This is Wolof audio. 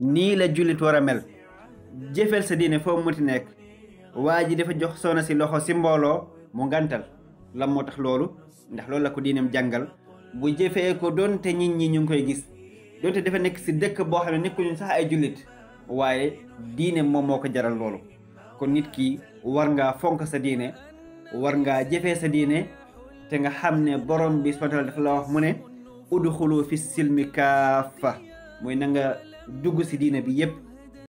nii la jullit war a mel jëfel sa diine foo mu ti nekk waa ji dafa jox soona si loxo si mbooloo mu ngantal lan moo tax loolu ndax loolu la ko diineem jàngal bu jëfee ko donte nit ñi ñu ngi koy gis donte dafa nekk si dëkk boo xam ne nekkuñu sax ay jullit waaye diine moom moo ko jaral loolu kon nit ki war ngaa fonk sa diine war ngaa jëfee sa diine te nga xam ne borom bi subhanahu wa taala mu ne udxulu fi silmi kaafa mooy na dugg si diine bi yépp